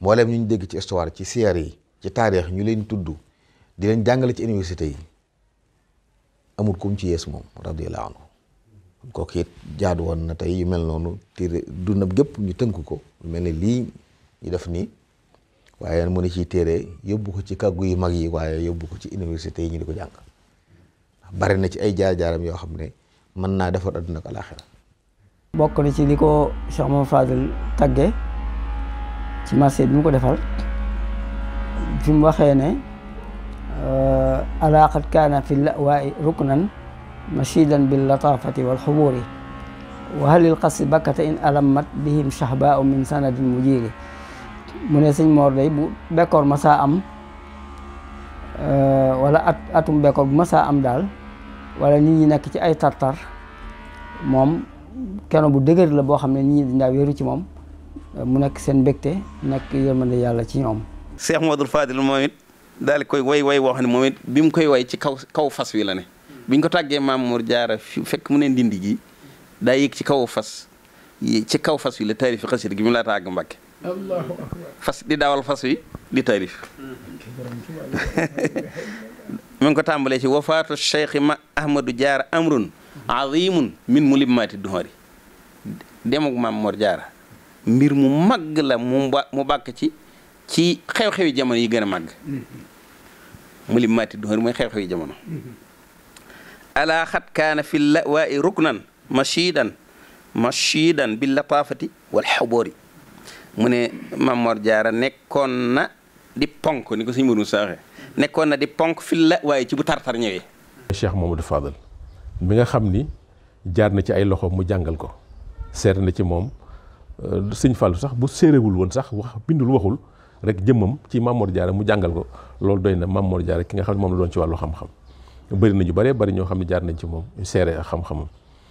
mbooleem ñu ñu dégg ci histoire ci siyaar yi ci taarix ñu leen tudd di jàngale ci université yi amul kum ci yees moom radiyallahu anhu kooku it jaadu woon na tey yu mel noonu téere dundam gépp ñu tënku ko lu mel ni lii ñu def nii waaye mu ne ciy téere yóbbu ko ci kàggu yu mag yi waaye yóbbu ko ci université yi ñu di ko jàng bari na ci ay jaar-jaaram yoo xam ne mën naa defar adduna ak alaaxira bokk na ci li ko Cheikh Mouhamed Fadel tagge ci marché bi mu ko defal fi mu waxee ne alaqat kaana fi lawaa'i ruknan mashidan bil lataafati wal xubuuri wa halil qasdi bakkata in alammat bihim shahbaa'u min sanadin mujiiri mu ne sëñ Mor day bekkoor masaa am wala at atum bekkoor bu masaa am daal wala nit ñi nekk ci ay tartar moom keno bu dëgër la boo xam ne nit ñi dinaa wéeru ci moom mu nekk seen mbégte nekk yërmande yàlla ci ñoom. Cheikh Modou Fadil moom it daal di koy way way woo xam ne moom bi mu koy way ci kaw kaw fas wi la ne. biñ ko tàggee maam Mor Jaara fekk mu ne ndindi gi daa yéeg ci kaw fas ci kaw fas wi la taarif xasida gi mu laa tàgg Mbàkke. fas di dawal fas wi di taarif. (laughs) (laughs) mi ngi ko tàmbalee ci wafaatu cheikh ma jaara amrun azimun min mulimaati duhari demuk maam jaara mbir mu màgg mu mu ci ci xew-xewi jamono yi gën a màgg mulimaati duhari mooy xew-xewi jamono alaa xat kaana fi ruknan mashidan mashidan bi lataafati wal xaboori mu ne maam mor jaara nekkoon na di ponk ni ko suñu mbir mu nekkoon na di ponk fil la waaye ci bu tartar ñëwee. Cheikh Mamadou Fadal bi nga xam ni jaar na ci ay loxo mu jàngal ko seet na ci moom euh, sëñ Fallou sax bu séeréwul woon sax wax bindul waxul rek jëmmam ci Mamor Diarra mu jàngal ko loolu doy na Mamor Diarra ki nga xam ne moom la doon ci wàllu xam-xam bëri na ñu ñoo xam ne jaar nañ ci moom seere ak xam-xamam.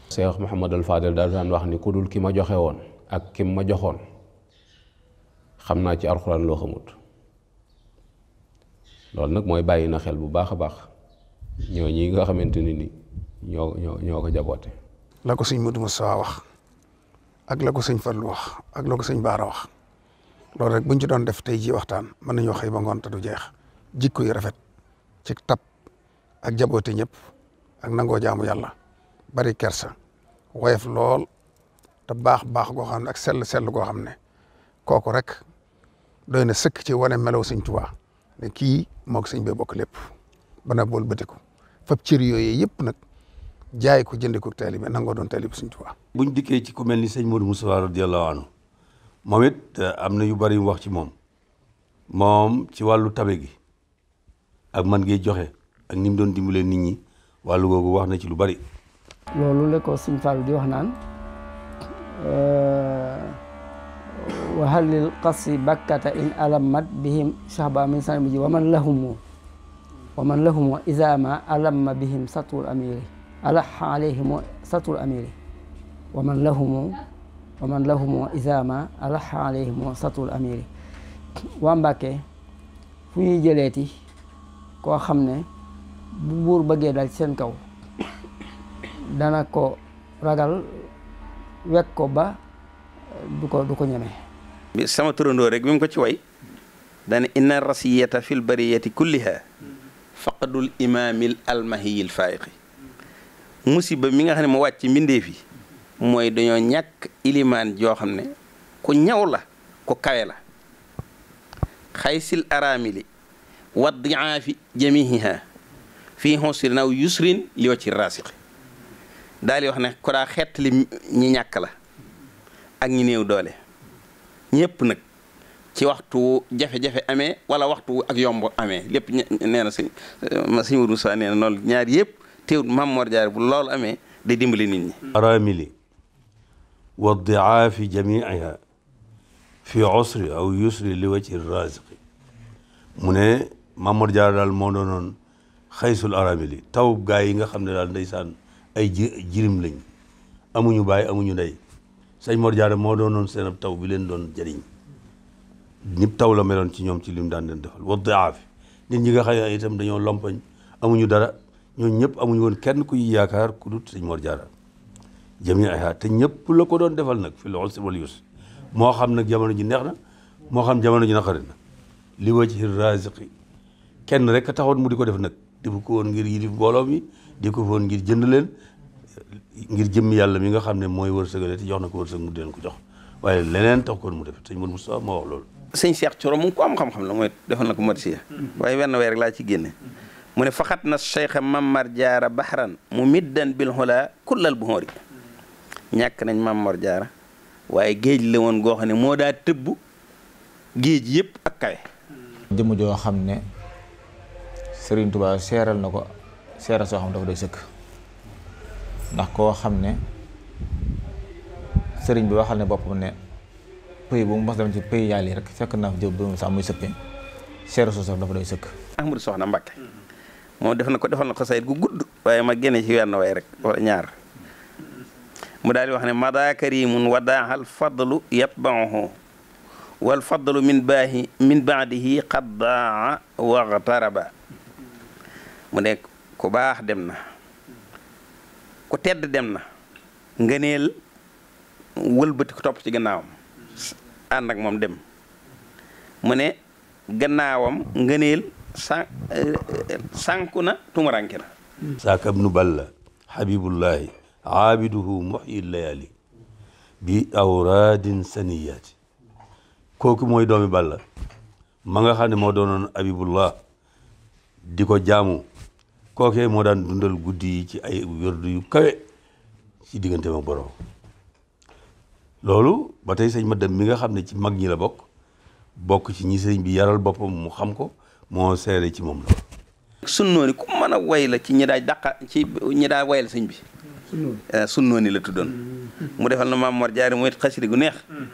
Cheikh Mouhamadul Fadel daal daan wax ni ku dul ki ma joxe woon ak ki ma joxoon xam naa ci alxuraan loo xamut. Lor nuk moy bayina xel bu bah bax bah, ñoo ñi nga xamanteni ni nyo ñoo ñoo ñoo ko jaboté la ko seigne Modou Moustapha wax ak la ko seigne Fallou wax ak la ko seigne bara wax lool rek buñ ci doon def tay ji waxtaan man nañoo xey ba ngon ta du jeex jikko yu rafet ci tap ak jaboté ñep ak nango jaamu yalla bari kersa wayef lool ta baax baax go xamne ak sel sel go xamne ne rek doy na ci woné melo seigne touba ne kii moog sëñ bee bokk lépp ba nag bool bëtiku fab cër yooyu yëpp nag jaay ko jëndee ko taalibe nangoo doon taalibe sëñ Tuubaa. buñ dikkee ci ku mel ni sëñ Modou Moustapha radiyallahu anhu moom it eh, am na yu bari wax ci moom moom ci wàllu tabe gi ak man ngay joxe ak ni mu doon dimbalee nit ñi wàllu googu wax na ci lu bari. loolu la ko sëñ di wax naan. Eh, wa halil qasi bakkata in alammat bihim shahba min sana miji wa man lahumu wa man lahumu izama alamma bihim satul amiri alaha alayhim satul amiri wa man lahumu wa man lahumu izama alaha alayhim satul amiri waa Mbàkke fu ñuy jëleeti koo xam ne bu buur bëggee dal ci seen kaw dana ko ragal wekk ko ba du ko du ko ñeme sama turandoo rek bi ko ci way dana inna rasiyata fil bariyati kulliha faqadul imaamil almahiyil faayiqi musiba mi nga xam ne mu wàcc mbindeef mooy dañoo ñàkk ilimaan joo xam ne ko ñaw la ku kawe la xaysil araamili wa diaafi jamihiha fii xonsiri naw yusrin li wa ci raasiqi daal di wax ne ku daa xettali ñi ñàkk la ak ñi néew doole ñëpp nak ci waxtu jafe-jafe amé wala waxtu ak yomb amé lépp néna sëñ ma sëñ Mourou Moussa nee na ñaar yëpp téw mam Mor jaar bu lool amé day dimbali nit ñi aramili wa dhi'af jamiiha fi usri aw yusri li wajhi ar-raziq mune mam Mor Jaara daal moo doonoon khaysul aramili taw gaay yi nga xamné dal ndaysan ay jirim lañ amuñu bay amuñu ndey sañ Mor Diarra moo doonoon seen taw bi leen doon jëriñ ñëpp taw la meloon ci ñoom ci li mu daan leen defal wad daafi nit ñi a xam ne itam dañoo lompañ amuñu dara ñooñu ñëpp amuñu woon kenn kuy yaakaar ku dut sëñ Mor Diarra jami ay te ñëpp la ko doon defal nag fi loxol sibal yus moo xam nag jamono ji neex na moo xam jamono ji naqari na li wajhi raziqi kenn rek taxoon mu di ko def nag di ko woon ngir yilif mbooloo mi di ko woon ngir jënd leen ngir jëmm yàlla mi nga xam ne mooy wërsëgale te jox na ko wërsëg mu ko jox waaye leneen tax mu def sëñ Modou Moustapha moo wax loolu sëñ Cheikh ko am xam-xam la mooy defal na ko marsiya waaye wenn weer rek laa ci génne mu ne faxat na cheikh Mamar Jaara bahran mu middan bil xola kullal buxoori ñàkk nañ Mamar Jaara waaye géej la woon goo xam ne moo daa tëbb géej yépp ak kawe jëmm joo xam ne Serigne Touba seeral na ko seeral soo xam dafa doy sëkk ndax koo xam ne sëriñ bi waxal ne boppam ne pays bu mu mos dem ci pays yàlla yi rek fekk naa fi jëw bu sax muy sëppee seere su sax dafa doy sëkk Ahmadu Soxna Mbàkke moom def na ko defal na xasaayit gu gudd waaye ma génne ci wenn way rek wala ñaar mu daal di wax ne mada karimun wadaaxal fadlu yatbaahu wal fadlu min baahi min baadihi qad daa waxtaraba mu nekk ku baax dem na ko tedd dem na nga neel ko topp ci gannaawam ànd ak moom dem mu ne gannaawam nga neel sa eh, sànku na tumuranke na saakab nu balla habibullahi aabiduhu muhyi layali bi awraadin saniyaati kooku mooy doomi balla ma nga moo doonoon abibullah di ko jaamu kookee moo daan dundal guddi yi ci ay wérdu yu kawe ci diggante ak borom loolu ba tey sëñ ma dem mi nga xam ne ci mag ñi la bokk bokk ci ñi sëñ bi yaral boppam mu xam ko moo seere ci moom la sunnooni ku mën a way la ci ñi daa daqa ci ñi daa wayal sëñ bi eh, sunnooni la tuddoon mu defal na maam Mor Jaara mu it xasida gu neex mm-hmm.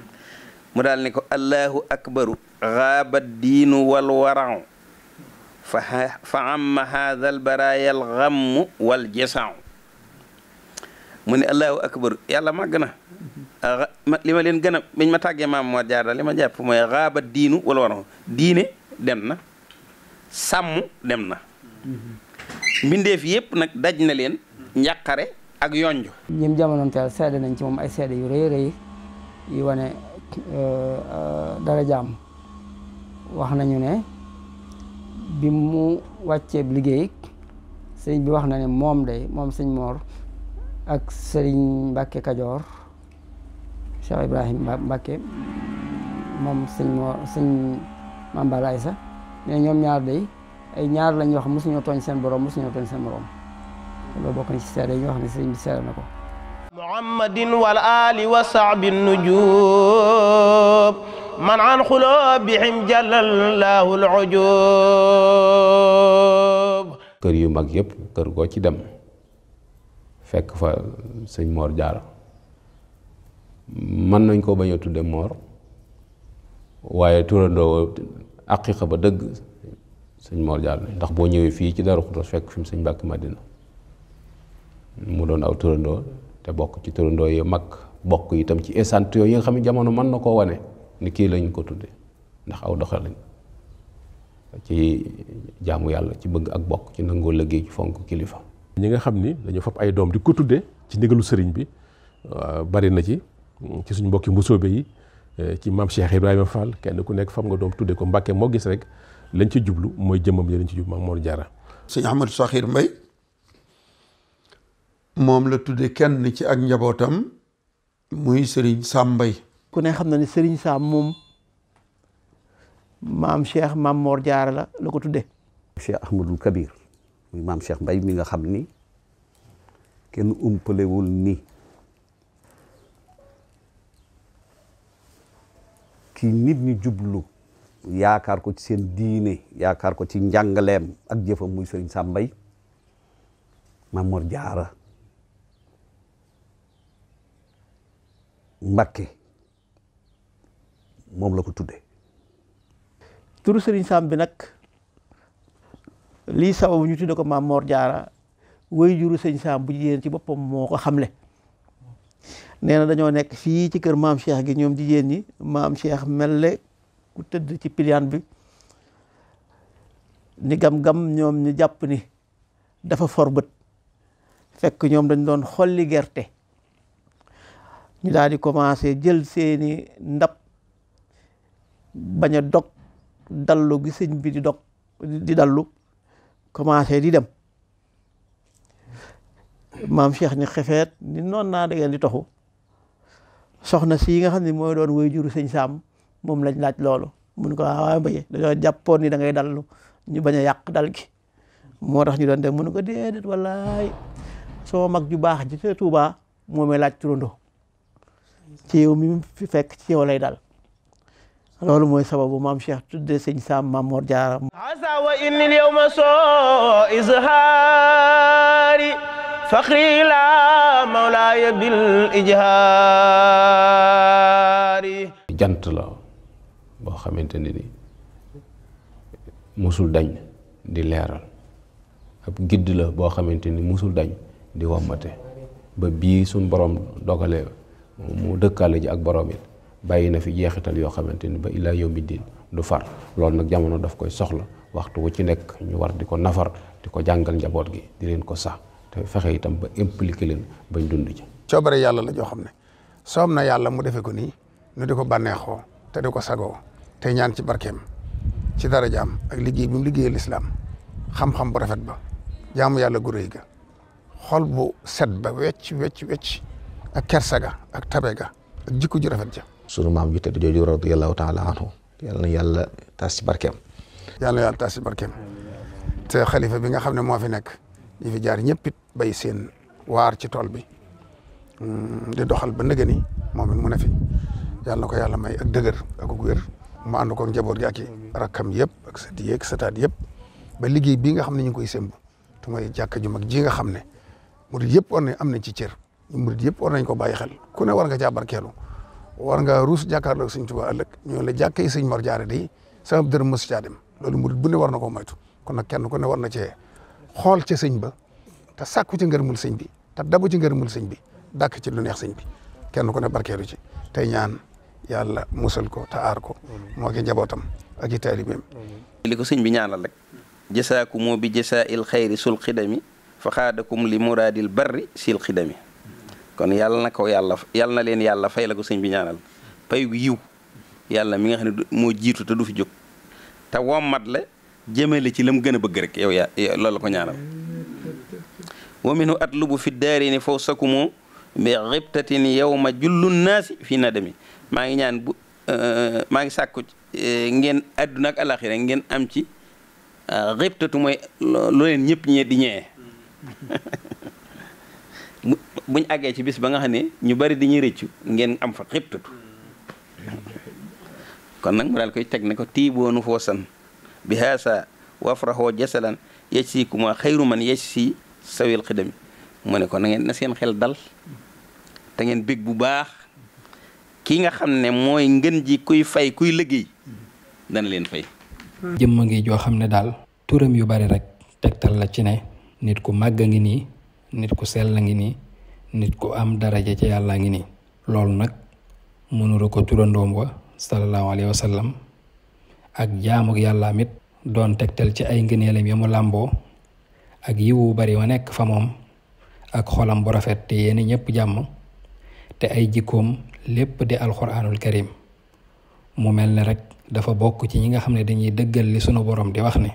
mu daal ne ko allahu akbaru xaabat diinu wal warau fa amma haada albaraaya alxammu wal jasan mu ne allahu akbar yàlla màgg na li ma leen gën a biñ ma tàggee maam moo jaar li ma jàpp mooy xaaba diinu wala war diine dem na sàmm dem na mbindeef yëpp nag daj na leen njàqare ak yonjo ñim jamonoon teel seede nañ ci moom ay seede yu rëy rëy yu wane euh, euh, dara wax nañu ne bi mu wàcceeb liggéey sëriñ bi wax na ne moom day moom sëñ Mor ak sëriñ Mbacke Kajoor Cheikh Ibrahim Mbacke moom sëñ Mor sëñ Mambala Aysa ne ñoom ñaar day ay ñaar lañ wax mosuñoo tooñ seen borom mosuñoo tooñ seen borom loolu bokk na ci seede yi nga xam ne sëriñ bi seede na ko muhammadin wal ali wa sahbi nujub من عن خلوبهم جل الله العجوب كر يو ماك ييب كر غو سي دم فك فا سيغ مور جار من نانكو باño تود مور وايي توراندو حقيقه با دغ سيغ مور جار داخ بو نيوي في سي دارو خوتو فك فيم سيغ باك مدينه مو دون او توراندو تا بوك سي توراندو يي ماك بوك يتام سي اسانتيو يي خامي جامونو من نكو واني ni kii lañ ko tudde ndax aw doxalin ci jaamu yàlla ci bëgg ak bokk ci nangoo liggéey ci fonk kilifa. ñi nga xam ni dañu fab ay doom di ko tudde ci ndigalu sëriñ bi bari na ci ci suñ mbokki mbusoobe yi eh, ci maam Cheikh Ibrahima Fall kenn ku nekk fam nga doom tudde ko Mbàkke moo gis rek lañ ci jublu mooy jëmmam yi ci jublu maam Mor Jaara sëñ Ahmadou Sakhir Mbaye moom la tudde kenn ci ak njabootam muy sëriñ Sam Mbaye ku ne xamna na Serigne sa mom mam Cheikh mam Mor Diarra la lako tuddé Cheikh ahmadou Kabir muy mam Cheikh Mbay mi nga xamni ni umpelé wul ni ki nit ni jublu yaakar ko ci sen diine yaakar ko ci njangalem ak jëfam muy Serigne Sam Mbay Mor Diarra Mbakke moom la ko tudde turu Serigne Sam bi nag lii sababu ñu tudde ko maam Mor Jaara wéy juru sëñ saam bu jigéen ci boppam moo ko xamle nee na dañoo nekk fii ci kër maam Cheikh gi ñoom jigéen ñi maam Cheikh melle ku tëdd ci piliyaan bi ni gam-gam ñoom ñu jàpp ni dafa forbët fekk ñoom dañ doon xolli gerte ñu daal di commencé jël seeni ndab baña dok dalu gi sëñ bi di dok di dallu commencé di dem mam cheikh ni xefeet ni non na da ngeen di toxu soxna si nga xam ne mooy doon juru sëñ sam mom lañ laaj lolo mun ko ah, waaw mbaye dañoo japon ni da ngay dallu ñu bañ a dal gi moo ñu doon dem mun ko déedéet wallaay so mag ju baax ji ca Touba moo may laaj turando ci yow mi fi fekk ci yow lay dal loolu moy sababu mam cheikh tudde seigne sam mamour diaram asa wa inni yawma so izhari fakhri la ya bil ijhari jant la bo xamanteni ni musul dañ di leral ab gidd la bo xamanteni musul dañ di wamate. ba bi sun borom dogale mu dëkkaale ji ak boromit bayina fi jeexital yo xamanteni ba ila yawmi diin du far loolu nak jamono daf koy soxla waxtu wu ci nek ñu war di ko nafar di ko njabot gi di len ko sax te fexé itam ba impliquer len bañ dund ci ciobare yalla la jo xamne somna yalla mu defé ko ni nu diko ko te diko ko te ñaan ci barkem ci jam ak liggey bu liggey l'islam xam-xam bu rafet ba jaamu yalla gu rëy ga xol bu set ba wecc wecc wecc ak kersaga ak tabega jikko ju rafet ja sunu maam ju tedd jooju radiyallahu taala anhu yàlla na yàlla taas ci barkeem. yàlla na yàlla taas ci barkeem te xalifa bi nga xam ne moo fi nekk ñi fi jaar ñëpp it béy seen waar ci tool bi mm, di doxal ba nëgë ni moom it mu ne fi yàlla na ko yàlla may ak dëgër ak wér mu ànd ko njaboot gi ak rakkam yëpp ak sët yi ak yëpp ba liggéey bii nga xam ne ñu ngi koy sëmb te mooy jàkka ju mag ji nga xam ne murid yëpp war nañ am na ci cër murid yëpp war nañ ko bàyyi xel ku ne war nga caa barkeelu war ngaa ruus jàkkaarloog sëñ Tuubaa ëllëg ñoo la jàkkee sëñ Mor Jaara day sama dërëm mës caa dem loolu murid bu ne war na koo moytu kon nag kenn ko ne war na cee xool ca sëñ ba te sàkku ci ngërmul sëñ bi te dabu ci ngër ngërmul sëñ bi dàkk ci lu neex sëñ bi kenn ku ne barkeelu ci te ñaan yàlla musal ko te aar ko moo ki njabootam ak i taalibeem li ko sëñ bi ñaanal rek jasaakumoo bi jasaa il xayri sul xidami fa xaadakum li muraadil barri sil xidami kon yàlla na ko yàlla yàlla na leen yàlla fay la ko sëñ bi ñaanal pay gu yiw yàlla mi nga xam ne moo jiitu te du fi jóg te wommat la jëmale ci la mu gën a bëgg rek yow yaa loolu la ko mi wa at atlubu fi daarini faw sakumu bi xibtatin yow ma jullu naasi fi demi maa ngi ñaan bu euh, maa ngi sàkku euh, ngeen àdduna ak alaxira ngeen am ci euh, xibtatu mooy loo leen di ñee (laughs) bu buñ àggee ci bis ba nga xam ne ñu bari dañuy rëccu ngeen am fa xibtut kon nag mu daal koy teg ne ko tiiboonu foosan bi haasa wafraxoo jasalan yej si ku ma xayru man yej si sawil xidami mu ne ko nangeen na seen xel dal te ngeen bég bu baax ki nga xam ne mooy ngën ji kuy fay kuy liggéey dana leen fay jëmm ngi joo xam ne daal turam yu bari rek tegtal la ci ne nit ku màgg a ngi nii nit ku la ngi nii nit ku am daraja ci yàlla ngi ni loolu nag mënula ko turandoom wa sallallahu alayhi wa ak jaamu yàlla mit doon tegtal ci ay ngëneelam ya mu làmboo ak yiwu bari wa nekk fa moom ak xolam bu rafet te yéene ñépp jàmm te ay jikkoom lépp di alxuraanul karim mu mel ni rek dafa bokk ci ñi nga xam ne dañuy dëggal li sunu borom di wax ne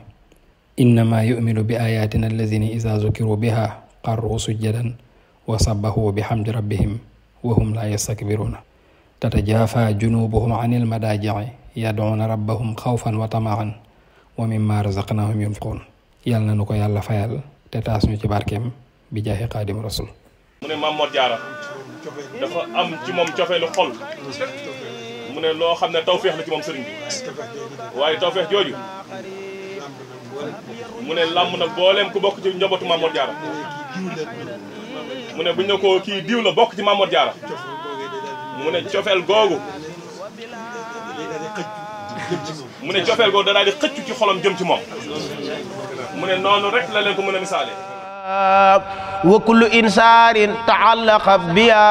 innama yuminu bi ayatina allazina isa zukiru biha xarru sujjadan wa sabbahu bihamdi rabbihim wa hum laa yastakbiruuna tatajaafaa junubuhum anil madaaji'i yad'uuna rabbahum xawfan wa tama'an wa mimmaa razaqnaahum yunfiquun na ko yàlla fayal te taas ñu ci barkeem bi jaahi rasul mu ne buñ ne ko kii diw la bokk ci Mamour Diarra mu ne cofeel googu mu ne cofeel googu da daal di xëccu ci xolam jëm ci moom mu ne noonu rek la leen ko mën a misaale wa kullu insaanin taallaqa biya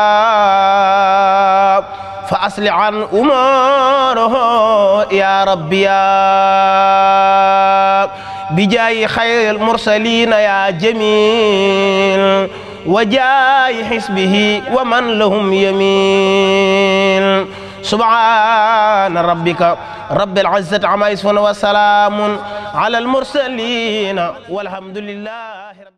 fa asli an umarahu ya rabbiya بجاي خير المرسلين يا جميل وجاي حسبه ومن لهم يمين سبحان ربك رب العزة عما يصفون وسلام على المرسلين والحمد لله